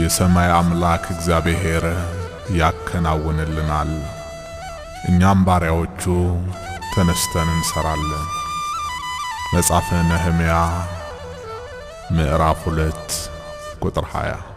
የሰማይ አምላክ እግዚአብሔር ያከናውንልናል። እኛም ባሪያዎቹ ተነስተን እንሰራለን። መጽሐፈ ነህምያ ምዕራፍ 2 ቁጥር 20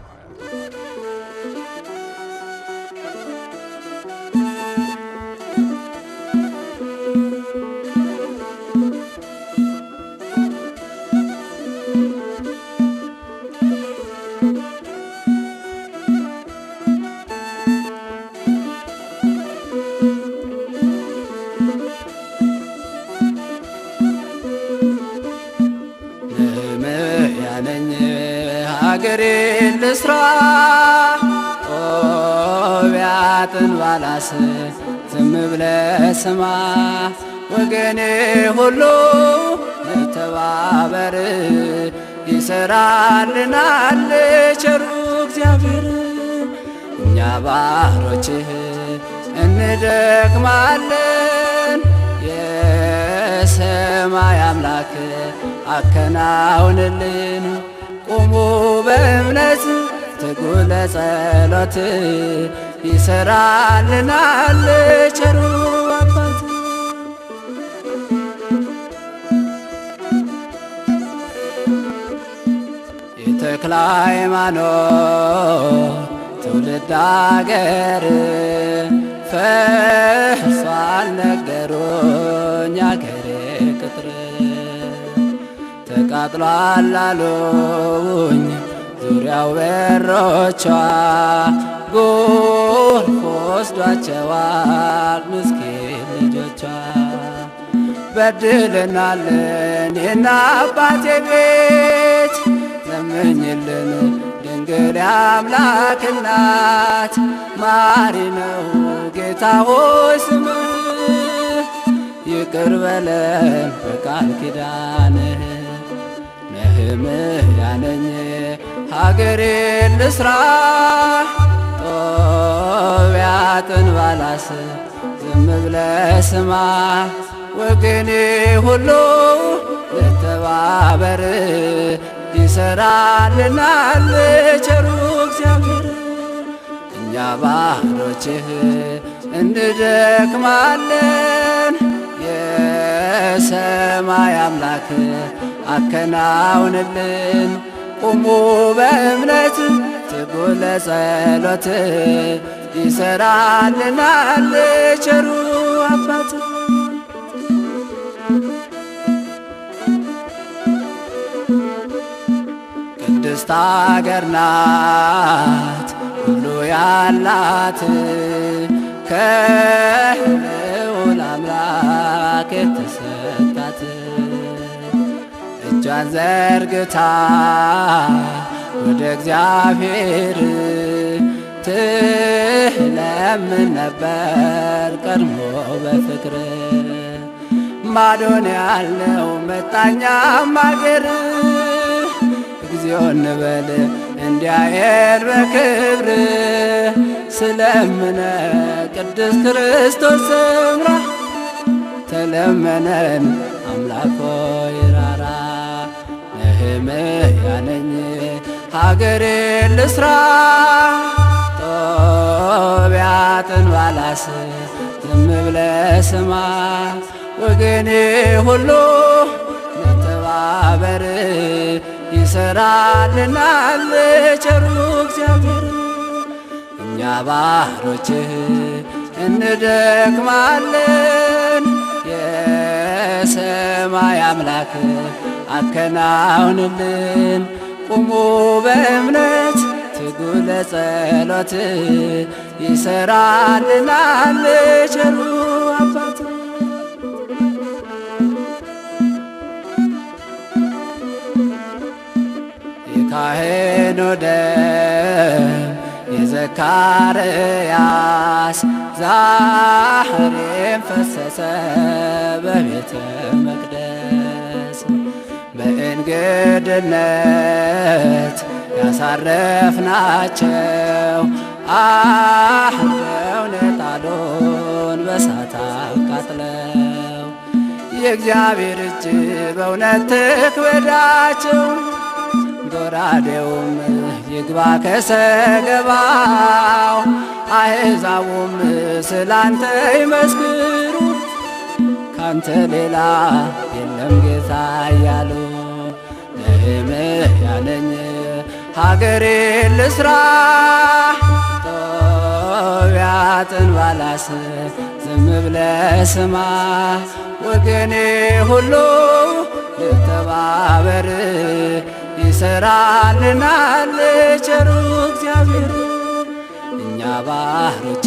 ነኝ ሀገሬን ልስራ ቢያጥን ባላስ ዝም ስማ ወገኔ ሁሉ ተባበር ይሰራልናል ቸሩ እግዚአብሔር። እኛ ባሮችህ እንደግማለን። አምላክ አከናውንልን። ቁሙ በእምነት ትጉ ለጸሎት ይሰራልናል ቸሩ አባት። የተክለ ሃይማኖት ትውልድ አገርን ተቃጥሏል አሉኝ ዙሪያው በሮቿ ጎርፍ ወስዷቸዋል ምስኪን ልጆቿ በድለናለን የና አባቴ ቤት ለምኝልን ድንግል አምላክ እናት ማሪ ነው ጌታ ሆይ ስምህ ይቅር በለን በቃል ኪዳን ስምህ ያነኝ ሀገሬን ልስራ ጦቢያጥን ባላስ ዝም ብለህ ስማ ወገኔ ሁሉ ለተባበር ይሰራልናል ቸሩ እግዚአብሔር። እኛ ባሮችህ እንደክማለን የሰማይ አምላክ አከናውንልን። ቁሙ በእምነት ትጉ ለጸሎት ይሰራልናል ቸሩ አባት። ቅድስት አገር ናት ሁሉ ያላት ከህልውና አምላክ የተሰጣት እጇን ዘርግታ ወደ እግዚአብሔር ትለምን ነበር ቀድሞ በፍቅር ማዶን ያለው መጣኛም አገር እግዚኦ እንበል እንዲያየር በክብር ስለምነ ቅድስት ክርስቶስ ስምራ ተለመነን አምላኮ ይራ ባለሙያ ነኝ ሀገሬ ልስራ ጦቢያትን ባላስ ዝምብለ ስማ ወገኔ ሁሉ መተባበር ይሰራልናል ቸሩ እግዚአብሔር። እኛ ባህሮች እንደክማለን የሰማይ አምላክ አከናውንልን። ቁሙ በእምነት ትጉ ለጸሎት ይሰራልናል ቸሩ አባት። የካህኑ ደም የዘካርያስ ዛህሬም ፈሰሰ በቤተ መቅደ በእንግድነት ያሳረፍናቸው በእውነት ነጣሎን በሳት አቃጥለው የእግዚአብሔር እጅ በእውነት ትክበዳቸው ጎራዴውም ይግባ ከሰገባው አሕዛቡም ስላንተ ይመስክሩ ካንተ ሌላ የለም ጌታ እያለ ሀገሬ ልስራ ጦቢያጥን ባላስ ዝም ብለ ስማ ወገኔ ሁሉ ልተባበር ይሰራልናል ቸሩ እግዚአብሔር እኛ ባህሮች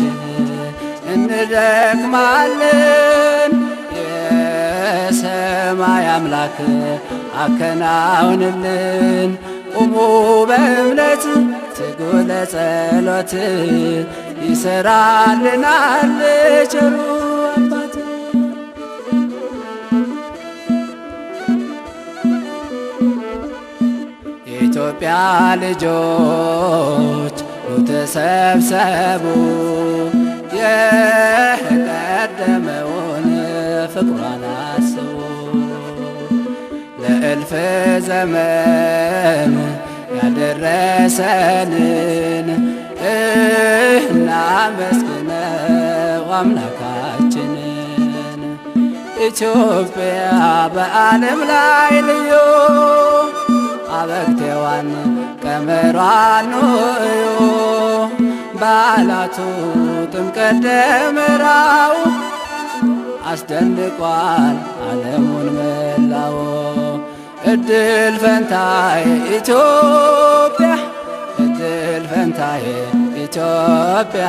እንደክማለን የሰማይ አምላክ አከናውንልን ቁሙ በእምነት ትጉ ለጸሎት ይሰራልናል ቸሩ አባት የኢትዮጵያ ልጆች ተሰብሰቡ የቀደመውን ፍቅሯን አስቡ በሰልፍ ዘመን ያደረሰንን እናመስግነው አምላካችንን። ኢትዮጵያ በዓለም ላይ ልዩ አበግቴዋን ቀመሯን ኖዩ በዓላቱ ጥምቀት ደመራው አስደንቋል ዓለሙን መላው እድል ፈንታዬ ኢትዮጵያ እድል ፈንታዬ ኢትዮጵያ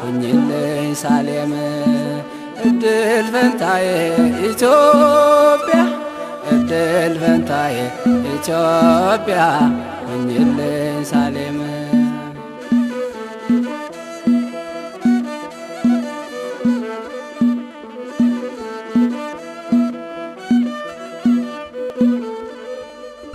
ሁኝልኝ ሳሌም እድል ፈንታዬ ኢትዮጵያ እድል ፈንታዬ ኢትዮጵያ ሁኝልኝ ሳሌም